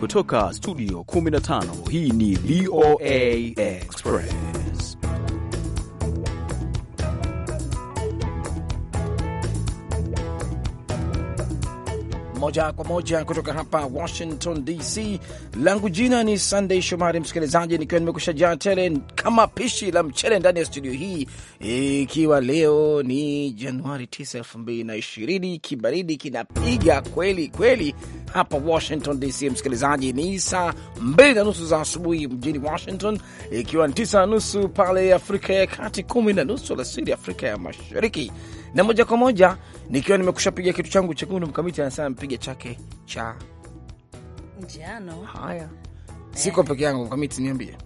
Kutoka studio 15 hii ni VOA Express. Moja kwa moja kutoka hapa Washington DC, langu jina ni Sunday Shomari, msikilizaji, nikiwa nimekusha jaa tele kama pishi la mchele ndani ya studio hii, ikiwa leo ni Januari 9, 2020. Kibaridi kinapiga kweli kweli hapa Washington DC, msikilizaji, ni saa mbili na nusu za asubuhi mjini Washington, ikiwa ni tisa na nusu pale Afrika ya Kati, kumi na nusu alasiri Afrika ya Mashariki. Na moja kwa moja nikiwa nimekusha piga kitu changu chekundu, mkamiti anasema mpiga chake cha njano. Haya, eh. siko peke yangu, mkamiti niambie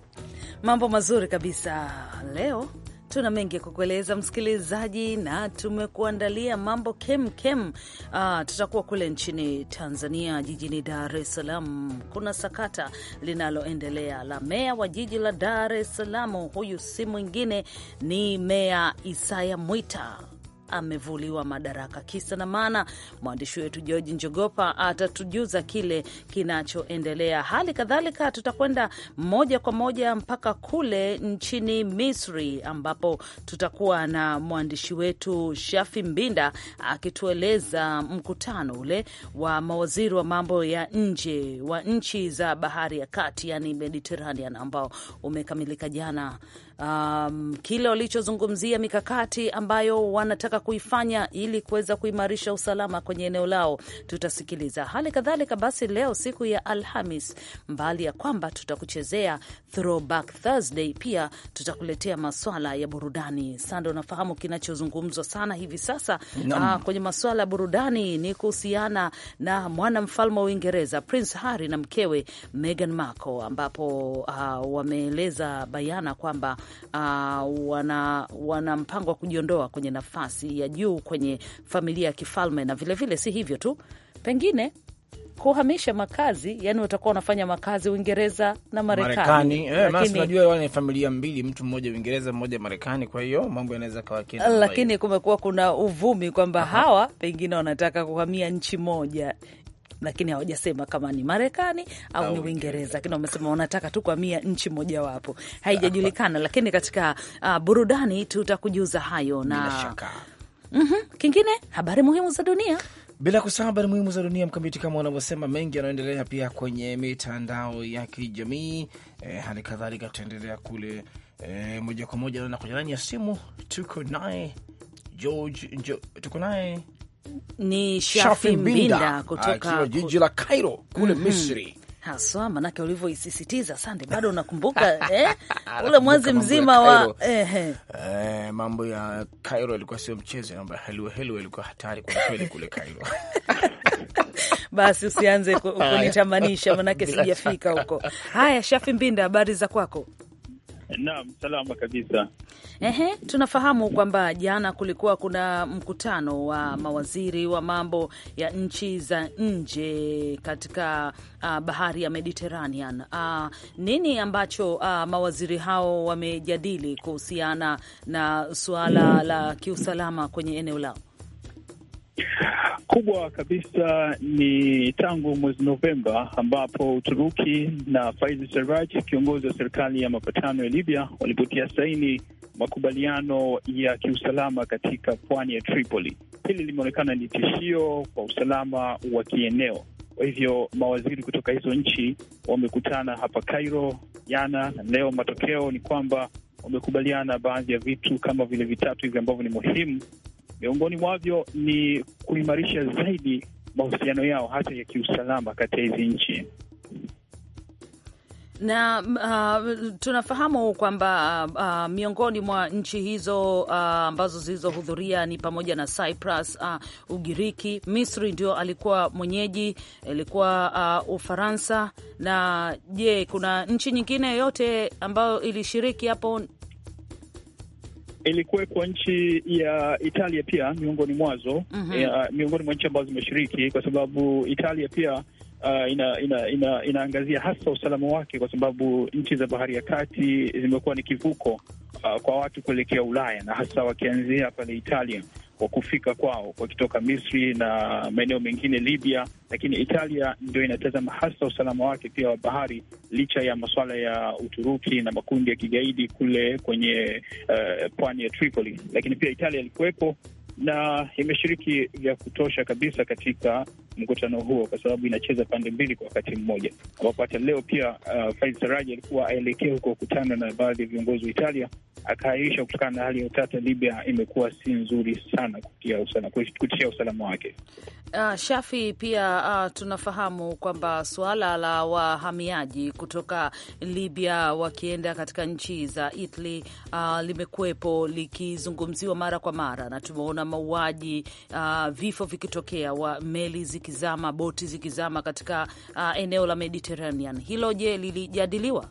mambo mazuri kabisa leo Tuna mengi ya kukueleza msikilizaji, na tumekuandalia mambo kem kem. Uh, tutakuwa kule nchini Tanzania, jijini Dar es Salaam. Kuna sakata linaloendelea la meya wa jiji la Dar es Salaam. Huyu si mwingine ni Meya Isaya Mwita amevuliwa madaraka. Kisa na maana, mwandishi wetu George Njogopa atatujuza kile kinachoendelea. Hali kadhalika, tutakwenda moja kwa moja mpaka kule nchini Misri ambapo tutakuwa na mwandishi wetu Shafi Mbinda akitueleza mkutano ule wa mawaziri wa mambo ya nje wa nchi za bahari ya kati, yani Mediterranean, ambao umekamilika jana um, kile walichozungumzia mikakati ambayo wanataka kuifanya ili kuweza kuimarisha usalama kwenye eneo lao, tutasikiliza. Hali kadhalika basi, leo siku ya Alhamis, mbali ya kwamba tutakuchezea Throwback Thursday, pia tutakuletea maswala ya burudani. Sanda, unafahamu kinachozungumzwa sana hivi sasa no. Ah, kwenye maswala ya burudani ni kuhusiana na mwana mfalme wa Uingereza Prince Harry na mkewe Meghan Markle ambapo uh, wameeleza bayana kwamba uh, wana, wana mpango wa kujiondoa kwenye nafasi ya juu kwenye familia ya kifalme, na vilevile vile, si hivyo tu, pengine kuhamisha makazi, yani watakuwa wanafanya makazi Uingereza na Marekani. Eh, unajua wale familia mbili, mtu mmoja Uingereza, mmoja Marekani, kwa hiyo mambo yanaweza kawa, lakini kumekuwa kuna uvumi kwamba hawa pengine wanataka kuhamia nchi moja lakini hawajasema kama ni Marekani au ni Uingereza, lakini wamesema wanataka tu kuhamia nchi mojawapo, haijajulikana. Lakini katika uh, burudani tutakujuza hayo na mm -hmm, kingine habari muhimu za dunia bila kusahau habari muhimu za dunia mkamiti, kama wanavyosema, mengi yanaoendelea pia kwenye mitandao ya kijamii e, hali kadhalika tutaendelea kule e, moja kwa moja naona kwenye laini ya simu tuko naye George, tuko naye ni Shafi Mbinda kutoka jiji la Cairo kule mm -hmm. Misri haswa manake ulivyoisisitiza sande, bado unakumbuka eh? ule mwezi mzima wa eh, eh. Eh, mambo ya Cairo ilikuwa sio mchezo, namba ya helwe helwe ilikuwa hatari kwa kweli kule Cairo. Basi usianze kunitamanisha manake sijafika huko. Haya, Shafi Mbinda, habari za kwako? Naam, salama kabisa. Ehe, tunafahamu kwamba jana kulikuwa kuna mkutano wa mawaziri wa mambo ya nchi za nje katika uh, bahari ya Mediterranean. Uh, nini ambacho uh, mawaziri hao wamejadili kuhusiana na suala la kiusalama kwenye eneo lao? kubwa kabisa ni tangu mwezi Novemba ambapo Uturuki na Faiz Sarraj, kiongozi wa serikali ya mapatano ya Libya, walipotia saini makubaliano ya kiusalama katika pwani ya Tripoli. Hili limeonekana ni tishio kwa usalama wa kieneo. Kwa hivyo mawaziri kutoka hizo nchi wamekutana hapa Cairo jana na leo. Matokeo ni kwamba wamekubaliana baadhi ya vitu kama vile vitatu hivi ambavyo ni muhimu Miongoni mwavyo ni kuimarisha zaidi mahusiano yao hasa ya kiusalama kati ya hizi nchi na uh, tunafahamu kwamba uh, uh miongoni mwa nchi hizo uh, ambazo uh, zilizohudhuria ni pamoja na Cyprus, uh, Ugiriki, Misri ndio alikuwa mwenyeji, ilikuwa uh, Ufaransa. Na je, kuna nchi nyingine yoyote ambayo ilishiriki hapo ilikuwekwa nchi ya Italia pia miongoni mwazo mhm. miongoni mwa nchi ambazo zimeshiriki kwa sababu Italia pia Uh, ina, ina, ina, inaangazia hasa usalama wake kwa sababu nchi za bahari ya kati zimekuwa ni kivuko uh, kwa watu kuelekea Ulaya na hasa wakianzia pale Italia wa kufika kwao wakitoka Misri na maeneo mengine Libya, lakini Italia ndio inatazama hasa usalama wake pia wa bahari, licha ya masuala ya Uturuki na makundi ya kigaidi kule kwenye uh, pwani ya Tripoli, lakini pia Italia ilikuwepo na imeshiriki vya kutosha kabisa katika mkutano huo, kwa sababu inacheza pande mbili kwa wakati mmoja, ambapo hata leo pia uh, Faisal Sarraj alikuwa aelekea huko kukutana na baadhi ya viongozi wa Italia, akaahirisha kutokana na hali ya utata Libya imekuwa si nzuri sana kutia kutishia usalama wake. Uh, Shafi, pia uh, tunafahamu kwamba suala la wahamiaji kutoka Libya wakienda katika nchi za Italy uh, limekuwepo likizungumziwa mara kwa mara na tumeona mauaji uh, vifo vikitokea wa meli ziki zikizama, boti zikizama katika uh, eneo la Mediterranean. Hilo je, lilijadiliwa?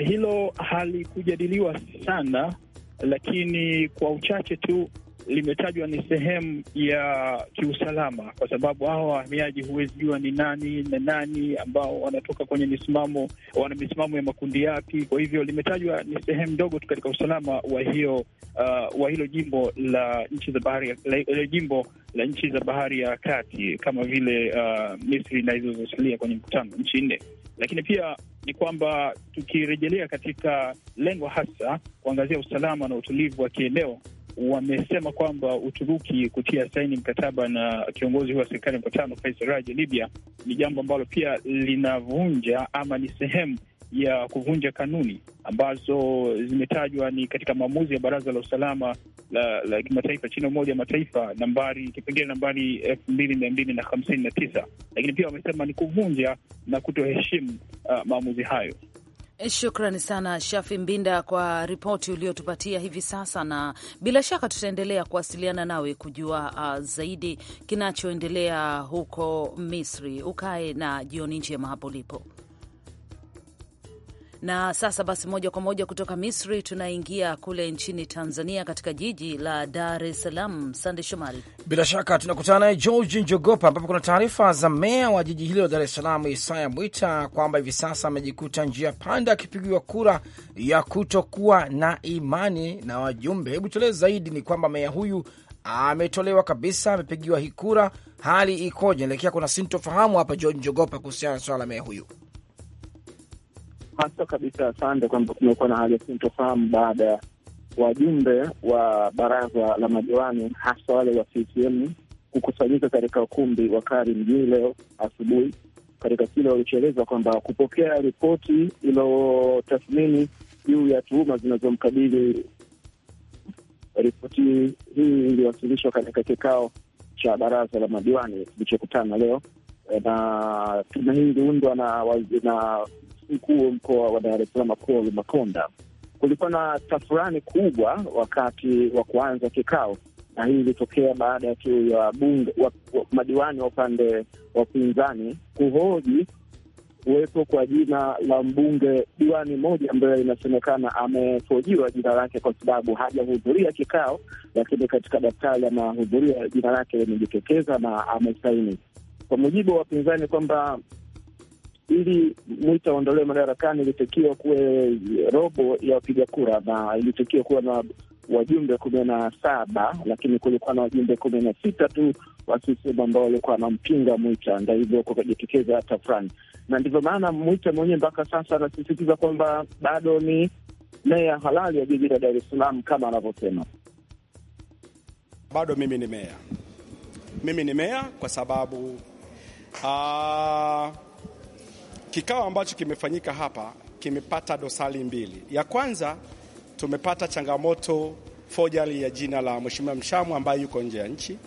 Hilo halikujadiliwa sana, lakini kwa uchache tu limetajwa ni sehemu ya kiusalama, kwa sababu hawa wahamiaji huwezi jua ni nani na nani ambao wanatoka kwenye misimamo, wana misimamo ya makundi yapi. Kwa hivyo limetajwa ni sehemu ndogo tu katika usalama wa hiyo uh, wa hilo jimbo la nchi za bahari la jimbo la nchi za bahari ya kati kama vile uh, Misri na hizo kwenye mkutano nchi nne, lakini pia ni kwamba tukirejelea katika lengo hasa kuangazia usalama na utulivu wa kieneo wamesema kwamba Uturuki kutia saini mkataba na kiongozi wa serikali mkutano Kais Libya ni jambo ambalo pia linavunja ama ni sehemu ya kuvunja kanuni ambazo zimetajwa ni katika maamuzi ya Baraza la Usalama la, la kimataifa chini ya Umoja wa Mataifa nambari kipengele nambari elfu mbili mia mbili na hamsini na tisa, lakini pia wamesema ni kuvunja na kutoheshimu uh, maamuzi hayo. Eh, shukrani sana Shafi Mbinda kwa ripoti uliotupatia hivi sasa, na bila shaka tutaendelea kuwasiliana nawe kujua uh, zaidi kinachoendelea huko Misri. Ukae na jioni njema hapo ulipo. Na sasa basi, moja kwa moja kutoka Misri tunaingia kule nchini Tanzania, katika jiji la Dar es Salaam. Sande Shomari, bila shaka tunakutana naye George Njogopa, ambapo kuna taarifa za meya wa jiji hilo la Dar es Salaam Isaya Mwita kwamba hivi sasa amejikuta njia panda akipigiwa kura ya kutokuwa na imani na wajumbe. Hebu tueleze zaidi, ni kwamba meya huyu ametolewa kabisa, amepigiwa hii kura, hali ikoje? Naelekea kuna sintofahamu hapa, George Njogopa, kuhusiana na swala la meya huyu hasa kabisa asante, kwamba kumekuwa na hali ya sintofahamu baada ya wajumbe wa baraza la madiwani hasa wale wa CCM kukusanyika katika ukumbi wa Kari mjini leo asubuhi katika kile walichoeleza kwamba kupokea ripoti iliyotathmini juu ya tuhuma zinazomkabili. Ripoti hii iliwasilishwa katika kikao cha baraza la madiwani kilichokutana leo, na tume hii iliundwa na mkuu wa mkoa wa Dar es Salaam Paul Makonda. Kulikuwa na tafurani kubwa wakati wa kuanza kikao, na hii ilitokea baada tu ya bunge wa, wa, madiwani wa upande wa upinzani kuhoji kuwepo kwa jina la mbunge diwani moja ambayo inasemekana amefojiwa jina lake kwa sababu hajahudhuria kikao, lakini katika daftari amahudhuria jina lake limejitokeza na amesaini. Kwa mujibu wa wapinzani kwamba ili Mwita aondolewe madarakani, ilitakiwa kuwe robo ya wapiga kura, na ilitakiwa kuwa na wajumbe kumi na saba lakini kulikuwa na wajumbe kumi na sita tu wasisema ambao walikuwa wanampinga Mwita, ndio hivyo kukajitokeza hata fulani, na ndivyo maana Mwita mwenyewe mpaka sasa anasisitiza kwamba bado ni meya halali ya jiji la Dar es Salaam kama anavyosema. Bado mimi ni meya, mimi ni meya kwa sababu Kikao ambacho kimefanyika hapa kimepata dosari mbili. Ya kwanza tumepata changamoto fojali ya jina la Mheshimiwa Mshamu ambaye yuko nje ya nchi,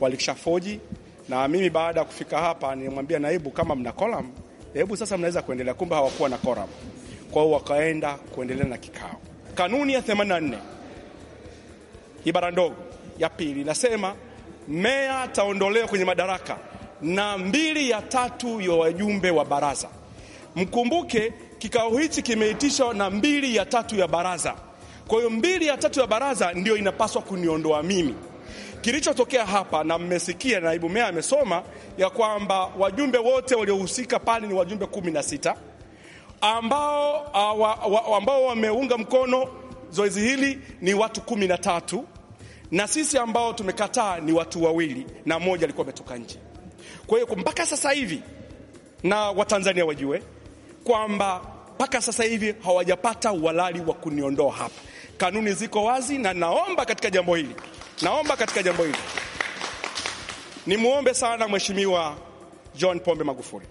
walikisha foji, na mimi baada ya kufika hapa nilimwambia naibu, kama mna kolam, hebu sasa mnaweza kuendelea. Kumbe hawakuwa na kolam, kwa hiyo wakaenda kuendelea na kikao. Kanuni ya 84 ibara ndogo ya pili inasema meya ataondolewa kwenye madaraka na mbili ya tatu ya wajumbe wa baraza. Mkumbuke kikao hichi kimeitishwa na mbili ya tatu ya baraza. Kwa hiyo mbili ya tatu ya baraza ndiyo inapaswa kuniondoa mimi. Kilichotokea hapa na mmesikia, naibu meya amesoma ya kwamba wajumbe wote waliohusika pale ni wajumbe kumi na sita ambao, ambao wameunga mkono zoezi hili ni watu kumi na tatu na sisi ambao tumekataa ni watu wawili na mmoja alikuwa ametoka nje. Kwa hiyo mpaka sasa hivi na Watanzania wajue kwamba mpaka sasa hivi hawajapata uhalali wa kuniondoa hapa. Kanuni ziko wazi, na naomba katika jambo hili, naomba katika jambo hili nimwombe sana Mheshimiwa John Pombe Magufuli.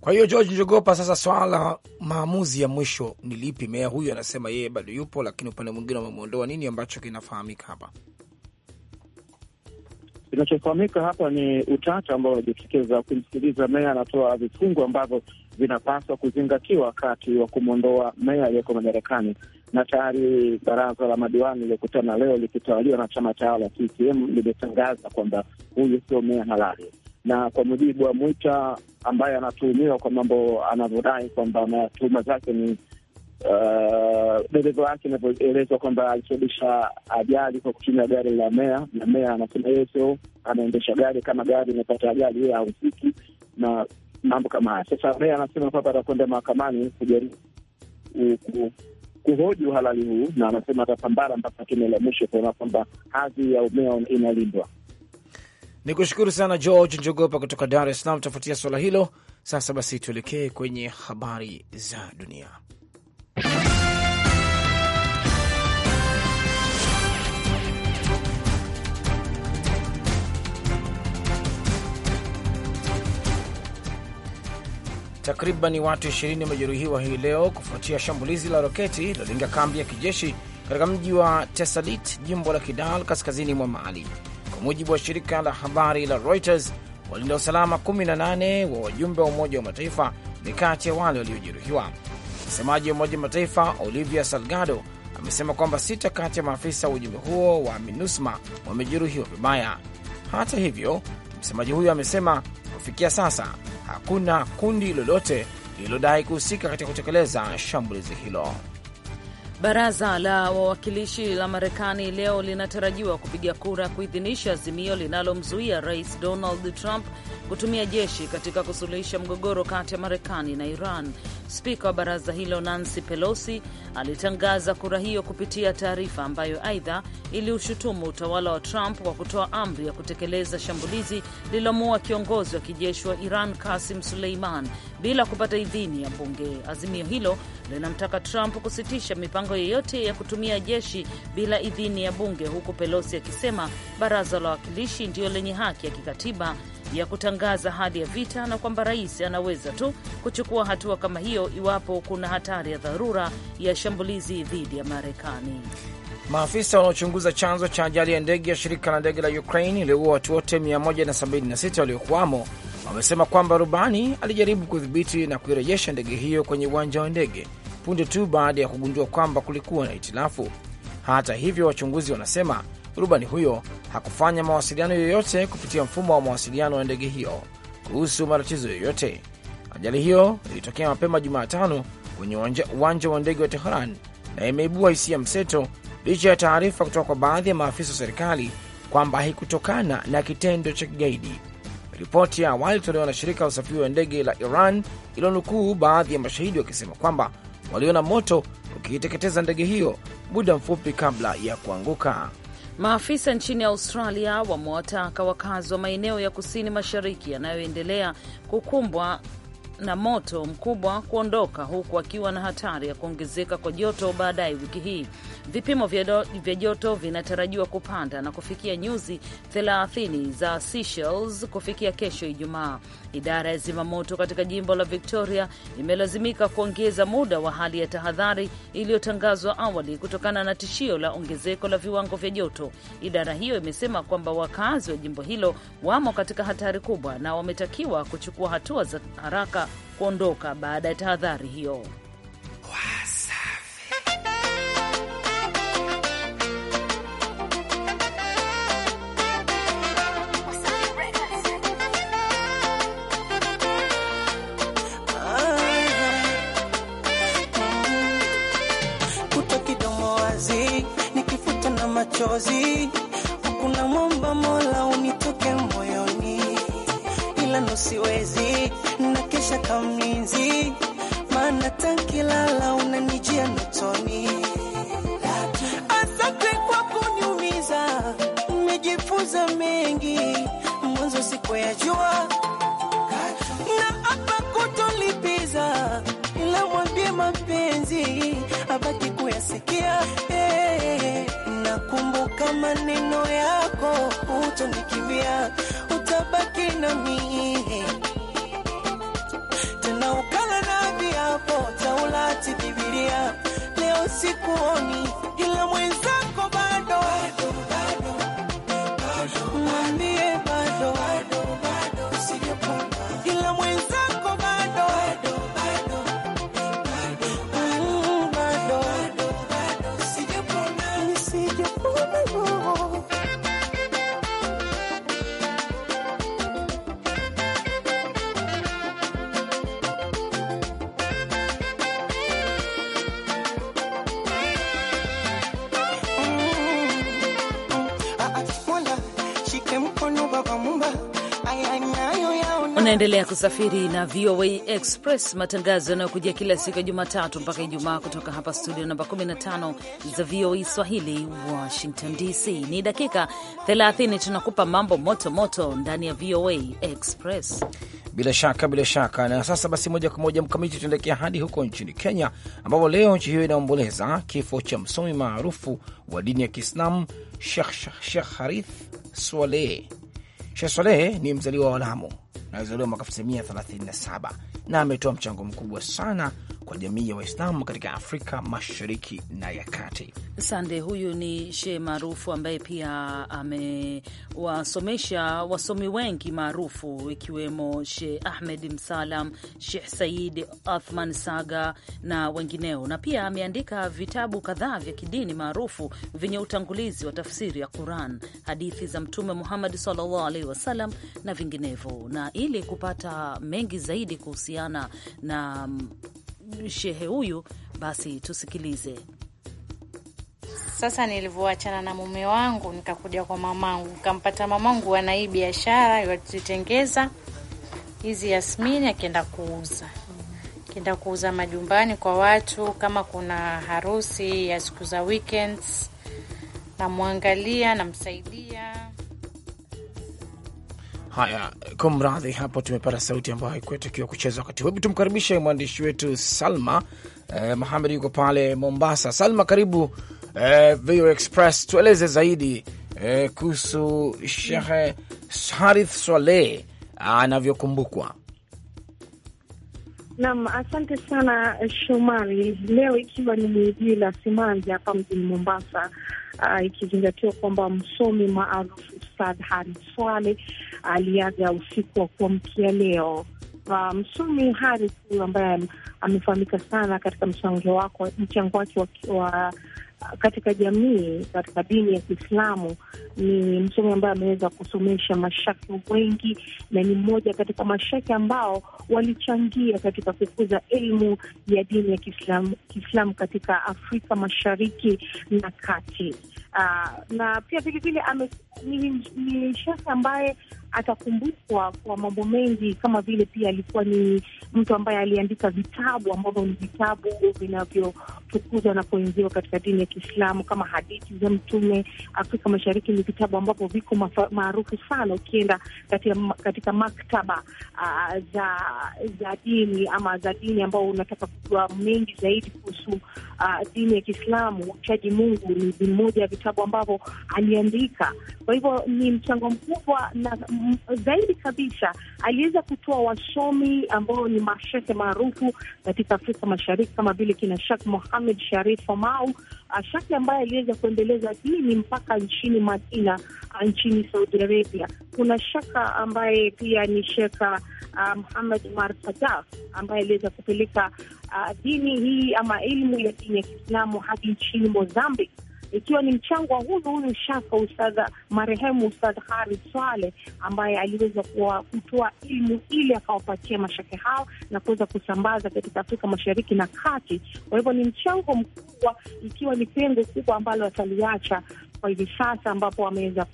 Kwa hiyo George Njogopa, sasa swala la maamuzi ya mwisho ni lipi? Meya huyu anasema yeye bado yupo, lakini upande mwingine wamemwondoa. Nini ambacho kinafahamika hapa? kinachofahamika hapa ni utata ambao unajitokeza kumsikiliza meya anatoa vifungu ambavyo vinapaswa kuzingatiwa wakati wa kumwondoa meya aliyeko madarakani. Na tayari baraza la madiwani lililokutana leo likitawaliwa na chama tawala CCM limetangaza kwamba huyu sio meya halali, na kwa mujibu wa Mwita ambaye anatuhumiwa kwa mambo anavyodai kwamba na tuhuma zake ni Uh, dereva wake inavyoelezwa kwamba alisababisha ajali kwa kutumia gari la meya, na meya anasema yeye sio anaendesha gari, kama gari imepata ajali yeye hahusiki na mambo kama haya. Sasa meya anasema kwamba atakwenda mahakamani kujaribu kuhoji uhalali huu, na anasema atapambana mpaka kene la mwisho kuona kwamba hadhi ya umeya inalindwa. Ni kushukuru sana George Njogopa kutoka Dar es Salaam, tafuatia swala hilo. Sasa basi, tuelekee kwenye habari za dunia. Takriban watu 20 wamejeruhiwa hii leo kufuatia shambulizi la roketi lilolenga kambi ya kijeshi katika mji wa Tesalit, jimbo la Kidal, kaskazini mwa Mali. Kwa mujibu wa shirika la habari la Reuters, walinda usalama 18 wa wajumbe wa Umoja wa Mataifa ni kati ya wale waliojeruhiwa. Msemaji wa Umoja Mataifa Olivia Salgado amesema kwamba sita kati ya maafisa wa ujumbe huo wa MINUSMA wamejeruhiwa vibaya. Hata hivyo, msemaji huyo amesema kufikia sasa hakuna kundi lolote lililodai kuhusika katika kutekeleza shambulizi hilo. Baraza la wawakilishi la Marekani leo linatarajiwa kupiga kura kuidhinisha azimio linalomzuia rais Donald Trump kutumia jeshi katika kusuluhisha mgogoro kati ya Marekani na Iran Spika wa baraza hilo Nancy Pelosi alitangaza kura hiyo kupitia taarifa ambayo aidha iliushutumu utawala wa Trump kwa kutoa amri ya kutekeleza shambulizi lililomuua kiongozi wa kijeshi wa Iran Kasim Suleiman bila kupata idhini ya bunge. Azimio hilo linamtaka Trump kusitisha mipango yoyote ya kutumia jeshi bila idhini ya bunge, huku Pelosi akisema baraza la wawakilishi ndio lenye haki ya kikatiba ya kutangaza hali ya vita na kwamba rais anaweza tu kuchukua hatua kama hiyo iwapo kuna hatari ya dharura ya shambulizi dhidi ya Marekani. Maafisa wanaochunguza chanzo cha ajali ya ndege ya shirika la ndege la Ukraine iliyoua watu wote 176 waliokuwamo wamesema kwamba rubani alijaribu kudhibiti na kuirejesha ndege hiyo kwenye uwanja wa ndege punde tu baada ya kugundua kwamba kulikuwa na hitilafu. Hata hivyo, wachunguzi wanasema rubani huyo hakufanya mawasiliano yoyote kupitia mfumo wa mawasiliano wa ndege hiyo kuhusu matatizo yoyote. Ajali hiyo ilitokea mapema Jumatano kwenye uwanja wa ndege wa Teheran na imeibua hisia mseto licha ya taarifa kutoka kwa baadhi ya maafisa wa serikali kwamba haikutokana na kitendo cha kigaidi. Ripoti ya awali tolewa na shirika la usafiri wa ndege la Iran ilionukuu baadhi ya mashahidi wakisema kwamba waliona moto ukiiteketeza ndege hiyo muda mfupi kabla ya kuanguka. Maafisa nchini Australia wamewataka wakazi wa maeneo ya kusini mashariki yanayoendelea kukumbwa na moto mkubwa kuondoka huku akiwa na hatari ya kuongezeka kwa joto baadaye wiki hii. Vipimo vya joto vinatarajiwa kupanda na kufikia nyuzi 30 za Celsius kufikia kesho Ijumaa. Idara ya zimamoto katika jimbo la Victoria imelazimika kuongeza muda wa hali ya tahadhari iliyotangazwa awali kutokana na tishio la ongezeko la viwango vya joto. Idara hiyo imesema kwamba wakazi wa jimbo hilo wamo katika hatari kubwa na wametakiwa kuchukua hatua za haraka kuondoka baada ya tahadhari hiyo. kuyajua na hapa kutolipiza, ila mwambie mapenzi abaki kuyasikia. Hey, eh. nakumbuka maneno yako, utonikimbia, utabaki nami tena, ukala na viapo, taulati Bibilia, leo sikuoni ila mwenza Unaendelea kusafiri na VOA Express, matangazo yanayokujia kila siku ya Jumatatu mpaka Ijumaa kutoka hapa studio namba 15 za VOA Swahili, Washington DC. Ni dakika 30 tunakupa mambo moto moto ndani ya VOA Express. Bila shaka, bila shaka. Na sasa basi, moja kwa moja mkamiti, tunaelekea hadi huko nchini Kenya, ambapo leo nchi hiyo inaomboleza kifo cha msomi maarufu wa dini ya Kiislamu shekh Harith Swaleh. Sheikh Swaleh ni mzaliwa wa Lamu alizaliwa mwaka 1937 na ametoa mchango mkubwa sana kwa jamii ya Waislamu katika Afrika Mashariki na ya Kati. Sande, huyu ni shehe maarufu ambaye pia amewasomesha wasomi wengi maarufu ikiwemo she Ahmed Msalam, Sheh Said Athman Saga na wengineo, na pia ameandika vitabu kadhaa vya kidini maarufu vyenye utangulizi wa tafsiri ya Quran, hadithi za Mtume Muhammad sallallahu alaihi wasallam na vinginevyo na na ili kupata mengi zaidi kuhusiana na mm, shehe huyu, basi tusikilize. Sasa nilivyoachana na mume wangu nikakuja kwa mamangu, nikampata mamangu ana hii biashara yatutengeza hizi Yasmini, akienda kuuza akienda kuuza majumbani kwa watu, kama kuna harusi ya siku za weekends, namwangalia namsaidia Haya, kumradhi, hapo tumepata sauti ambayo haikuwa takiwa wakati. Hebu tumkaribishe mwandishi wetu Salma eh, Muhamed yuko pale Mombasa. Salma, karibu eh, VOA Express, tueleze zaidi eh, kuhusu Shehe Harith Swaleh anavyokumbukwa. Naam, asante sana Shomari. Leo ikiwa ni jiji la simanzi hapa mjini Mombasa, uh, ikizingatiwa kwamba msomi maarufu Ustadh Haris Swale aliaga usiku wa kuamkia leo. Uh, msomi Haris huyu ambaye amefahamika sana katika mchango wake wa katika jamii, katika dini ya Kiislamu ni msomi ambaye ameweza kusomesha mashaki wengi, na ni mmoja katika mashaki ambao walichangia katika kukuza elimu ya dini ya Kiislamu katika Afrika Mashariki na Kati. Uh, na pia vilevile ni, ni shaka ambaye atakumbukwa kwa mambo mengi, kama vile pia alikuwa ni mtu ambaye aliandika vitabu ambavyo ni vitabu vinavyotukuzwa na kuenziwa katika dini ya Kiislamu kama hadithi za Mtume. Afrika Mashariki ni vitabu ambavyo viko maarufu sana, ukienda katika, katika maktaba uh, za za dini ama za dini ambao unataka kujua mengi zaidi kuhusu uh, dini ya Kiislamu, Chaji Mungu ni mmoja ya vitabu ambavyo aliandika kwa hivyo ni mchango mkubwa, na zaidi kabisa aliweza kutoa wasomi ambao ni mashehe maarufu katika Afrika Mashariki kama vile kina Shak muhamed Sharif Omau, ah, Shaki ambaye aliweza kuendeleza dini mpaka nchini Madina, ah, nchini Saudi Arabia. Kuna Shaka ambaye pia ni Sheka ah, Muhammad umar Marfada ambaye aliweza kupeleka uh, dini hii ama elimu ya dini ya Kiislamu hadi nchini Mozambique ikiwa ni mchango wa huyu huyu shaka ustadha marehemu Ustadh hari Swale ambaye aliweza kutoa ilmu ile akawapatia mashake hao na kuweza kusambaza katika Afrika Mashariki na Kati. Kwa hivyo ni mchango mkubwa, ikiwa ni pengo kubwa ambalo ataliacha kwa hivi sasa ambapo ameweza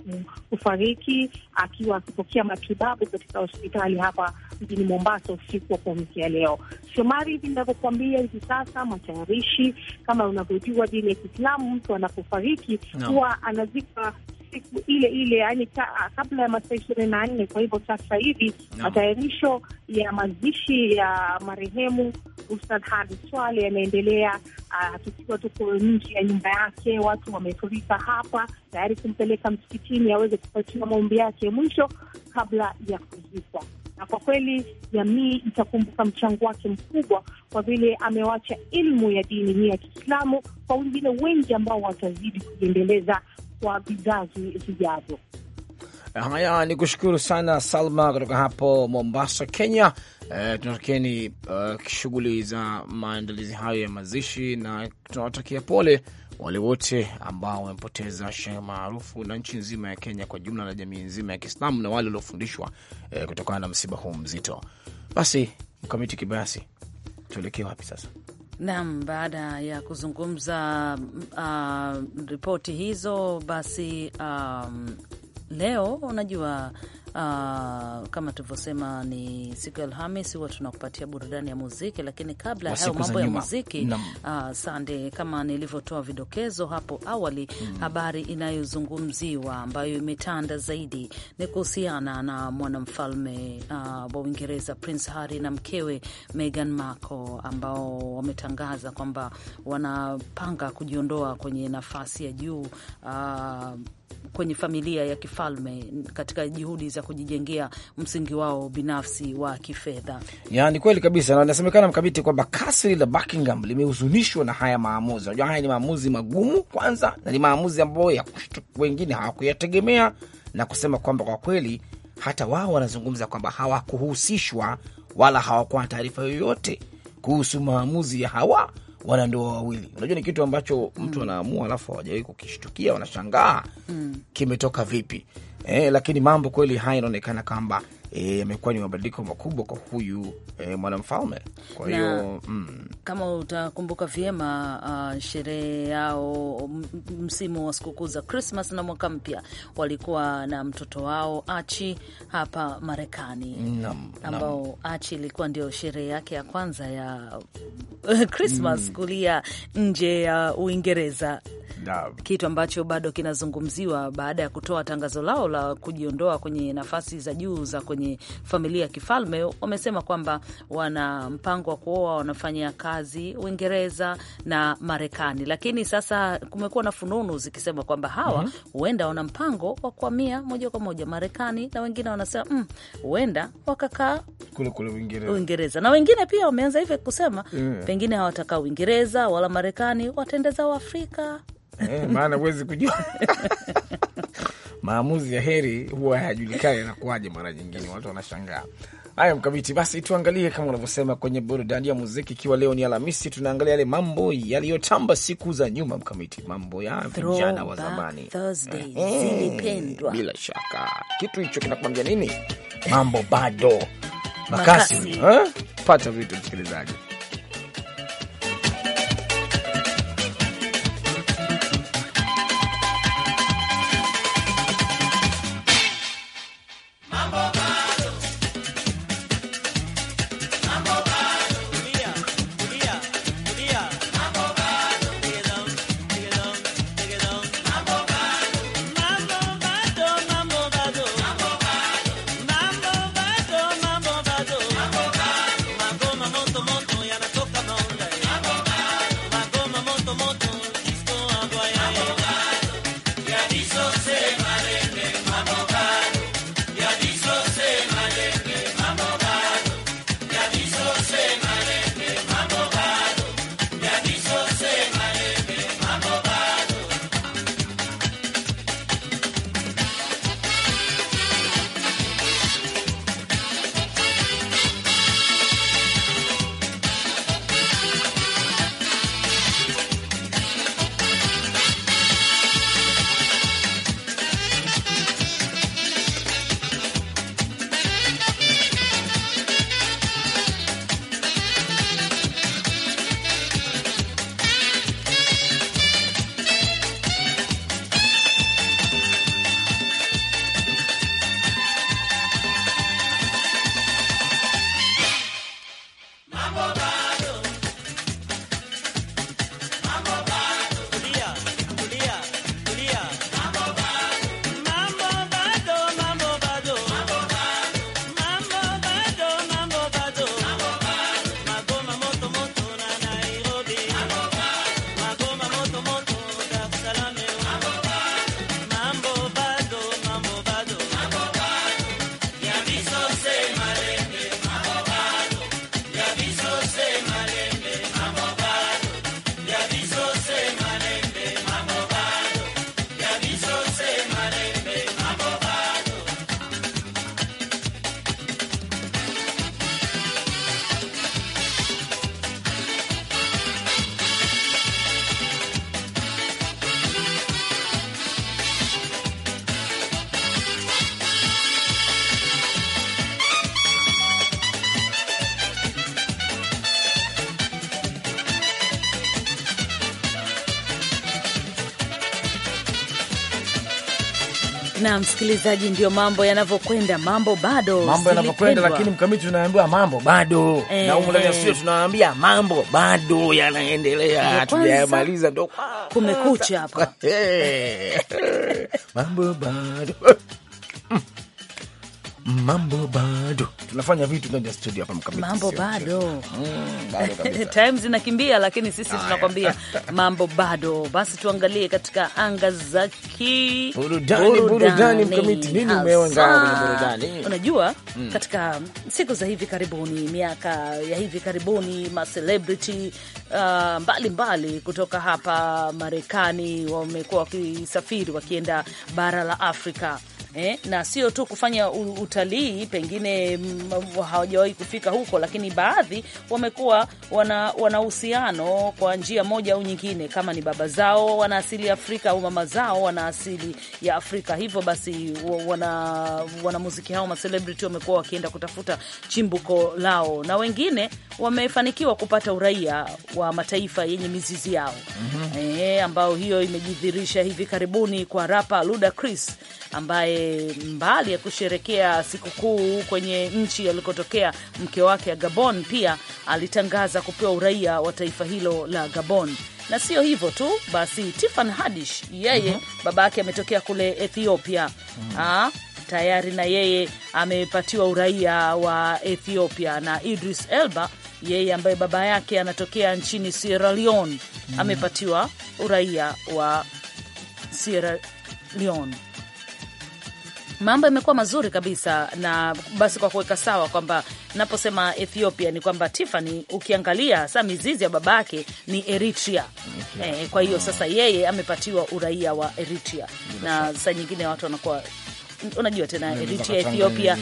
kufariki akiwa akipokea matibabu katika hospitali hapa mjini Mombasa usiku wa kuamkia leo. Shomari, hivi inavyokuambia hivi sasa, matayarishi kama unavyojua dini ya Kiislamu, mtu anapofariki huwa no. anazika siku ile ile, yani kabla ya masaa ishirini na nne. Kwa hivyo sasa hivi matayarisho ya mazishi ya marehemu Ustadh Hadi Swale yanaendelea. Uh, tukiwa tuko nje ya nyumba yake, watu wamefurika hapa tayari kumpeleka msikitini aweze kupatiwa maombi yake mwisho kabla ya kuzikwa na kwa kweli jamii itakumbuka mchango wake mkubwa, kwa vile amewacha ilmu ya dini hii ya Kiislamu kwa wengine wengi ambao watazidi kujiendeleza kwa vizazi vijavyo. Haya, ni kushukuru sana Salma kutoka hapo Mombasa, Kenya. E, tunatakieni uh, shughuli za maandalizi hayo ya mazishi na tunawatakia pole wale wote ambao wamepoteza shehe maarufu na nchi nzima ya Kenya kwa jumla na jamii nzima ya Kiislamu na wale waliofundishwa e, kutokana na msiba huu mzito. Basi mkamiti kibayasi, tuelekee wapi sasa? nam baada ya kuzungumza uh, ripoti hizo basi um, leo unajua Uh, kama tulivyosema ni siku ya Alhamis, huwa tunakupatia burudani ya muziki, lakini kabla hayo mambo ya muziki uh, sande, kama nilivyotoa vidokezo hapo awali mm. habari inayozungumziwa ambayo imetanda zaidi ni kuhusiana na mwanamfalme uh, wa Uingereza Prince Harry na mkewe Meghan Markle ambao wametangaza kwamba wanapanga kujiondoa kwenye nafasi ya juu uh, kwenye familia ya kifalme katika juhudi za kujijengea msingi wao binafsi wa kifedha. Ni kweli kabisa, na inasemekana mkabiti kwamba kasri la Buckingham limehuzunishwa na haya maamuzi. Unajua, haya ni maamuzi magumu kwanza, na ni maamuzi ambayo ya wengine hawakuyategemea na kusema kwamba kwa kweli hata wao wanazungumza kwamba hawakuhusishwa wala hawakuwa na taarifa yoyote kuhusu maamuzi ya hawa wanandoa wawili. Unajua ni kitu ambacho mtu mm. anaamua, alafu awajawai kukishtukia, wanashangaa mm. kimetoka vipi eh, lakini mambo kweli haya inaonekana kwamba E, yamekuwa e, ni mabadiliko makubwa kwa huyu e, mwanamfalme. Kwa hiyo mm, kama utakumbuka vyema uh, sherehe yao msimu wa sikukuu za Krismas na mwaka mpya walikuwa na mtoto wao Achi hapa Marekani, ambao Achi ilikuwa ndio sherehe yake ya kwanza ya Krismas mm, kulia nje ya uh, Uingereza Naam. Kitu ambacho bado kinazungumziwa baada ya kutoa tangazo lao la kujiondoa kwenye nafasi za juu za kwenye kwenye familia ya kifalme wamesema kwamba wana mpango wa kuoa, wanafanya kazi Uingereza na Marekani, lakini sasa kumekuwa na fununu zikisema kwamba hawa mhm. huenda wana mpango wa kuhamia moja kwa moja Marekani, na wengine wanasema mm, huenda mm, wakakaa kule kule Uingereza. Uingereza na wengine pia wameanza hivi kusema mm. pengine hawatakaa Uingereza wala Marekani, watendeza wa Afrika. Eh, maana huwezi kujua maamuzi ya heri huwa hayajulikani yanakuwaje, mara nyingine watu wanashangaa. Haya, Mkamiti, basi tuangalie kama unavyosema kwenye burudani ya muziki, ikiwa leo ni Alhamisi, tunaangalia yale mambo yaliyotamba siku za nyuma. Mkamiti, mambo ya vijana wa zamani eh, eh, Bila shaka kitu hicho kinakwambia nini? Mambo bado makasi, makasi. Eh? Pata vitu msikilizaji Mambo na msikilizaji, ndio mambo yanavyokwenda, mambo bado, mambo yanavyokwenda, lakini mkamiti, tunaambiwa mambo bado e, na umu ndani ya eh. studio tunaambia mambo bado yanaendelea, tujayamaliza, ndo kumekucha hapa eh. mambo bado mambo bado tunafanya vitu ndani ya studio hapa mkamiti, mambo bado mm, time zinakimbia, lakini sisi tunakwambia mambo bado. Basi tuangalie katika anga za ki burudani, burudani mkamiti, nini umeangalia burudani? Unajua mm. katika siku za hivi karibuni, miaka ya hivi karibuni, ma celebrity uh, mbalimbali kutoka hapa Marekani wamekuwa wakisafiri wakienda bara la Afrika eh, na sio tu kufanya utalii, pengine mm, hawajawahi kufika huko, lakini baadhi wamekuwa wana uhusiano kwa njia moja au nyingine, kama ni baba zao wana asili ya Afrika au mama zao wana asili ya Afrika. Hivyo basi wana wanamuziki hao macelebrity wamekuwa wakienda kutafuta chimbuko lao, na wengine wamefanikiwa kupata uraia wa mataifa yenye mizizi yao mm -hmm. E, eh, ambayo hiyo imejidhirisha hivi karibuni kwa rapa Ludacris ambaye mbali ya kusherekea sikukuu kwenye nchi alikotokea mke wake ya Gabon, pia alitangaza kupewa uraia wa taifa hilo la Gabon. Na sio hivyo tu basi, tifan Hadish yeye, mm -hmm. baba yake ametokea kule Ethiopia, mm -hmm. Ah, ha, tayari na yeye amepatiwa uraia wa Ethiopia, na Idris Elba yeye ambaye baba yake anatokea nchini Sierra Leone, mm -hmm. amepatiwa uraia wa Sierra Leone mambo yamekuwa mazuri kabisa. Na basi kwa kuweka sawa kwamba naposema Ethiopia ni kwamba Tiffany, ukiangalia saa mizizi ya babake ni Eritrea, okay. E, eh, kwa hiyo sasa yeye amepatiwa uraia wa Eritrea, na saa nyingine watu wanakuwa unajua tena Eritrea, Ethiopia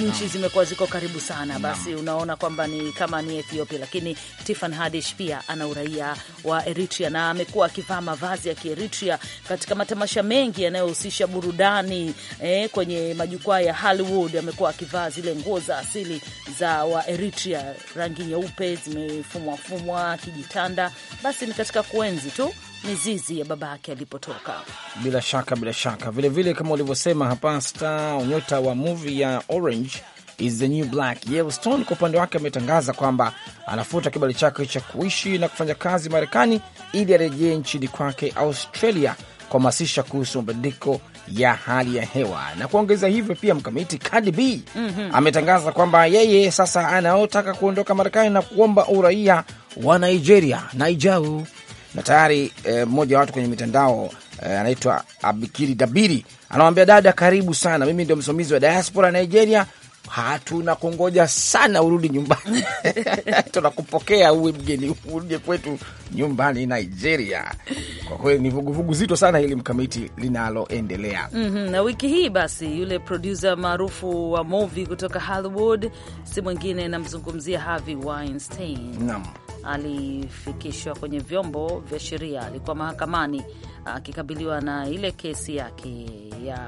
nchi zimekuwa ziko karibu sana, basi unaona kwamba ni kama ni Ethiopia, lakini Tiffan Hadish pia ana uraia wa Eritrea na amekuwa akivaa mavazi ya Kieritrea katika matamasha mengi yanayohusisha burudani eh, kwenye majukwaa ya Hollywood amekuwa akivaa zile nguo za asili za wa Eritrea, rangi nyeupe zimefumwafumwa kijitanda, basi ni katika kuenzi tu mizizi ya baba yake alipotoka. Bila shaka, bila shaka, vilevile vile kama ulivyosema hapa, star nyota wa movie ya Orange is the New Black Yellow kwa upande wake ametangaza kwamba anafuta kibali chake cha kuishi na kufanya kazi Marekani ili arejee nchini kwake Australia kuhamasisha kuhusu mabadiliko ya hali ya hewa na kuongeza hivyo pia mkamiti Cardi B mm -hmm. ametangaza kwamba yeye sasa anaotaka kuondoka Marekani na kuomba uraia wa Nigeria Naijau na tayari eh, mmoja eh, wa watu kwenye mitandao eh, anaitwa Abikiri Dabiri anawambia, dada, karibu sana. Mimi ndio msimamizi wa diaspora Nigeria, hatuna kungoja sana urudi nyumbani tunakupokea uwe mgeni, urudi kwetu nyumbani Nigeria. Kwa kweli ni vuguvugu zito sana hili mkamiti linaloendelea mm -hmm. Na wiki hii basi, yule produsa maarufu wa movi kutoka Hollywood si mwingine, namzungumzia Harvey Weinstein. Naam alifikishwa kwenye vyombo vya sheria, alikuwa mahakamani akikabiliwa na ile kesi yake ya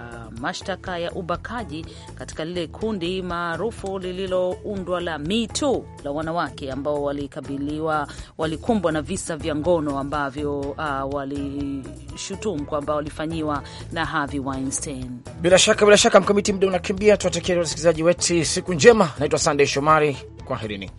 mashtaka ya ubakaji katika lile kundi maarufu lililoundwa la Me Too la wanawake ambao walikabiliwa, walikumbwa na visa vya ngono ambavyo uh, walishutumu kwamba walifanyiwa na Harvey Weinstein. Bila shaka, bila shaka mkamiti, muda unakimbia, tuwatakia wasikilizaji wetu siku njema. Naitwa Sandey Shomari, kwaherini.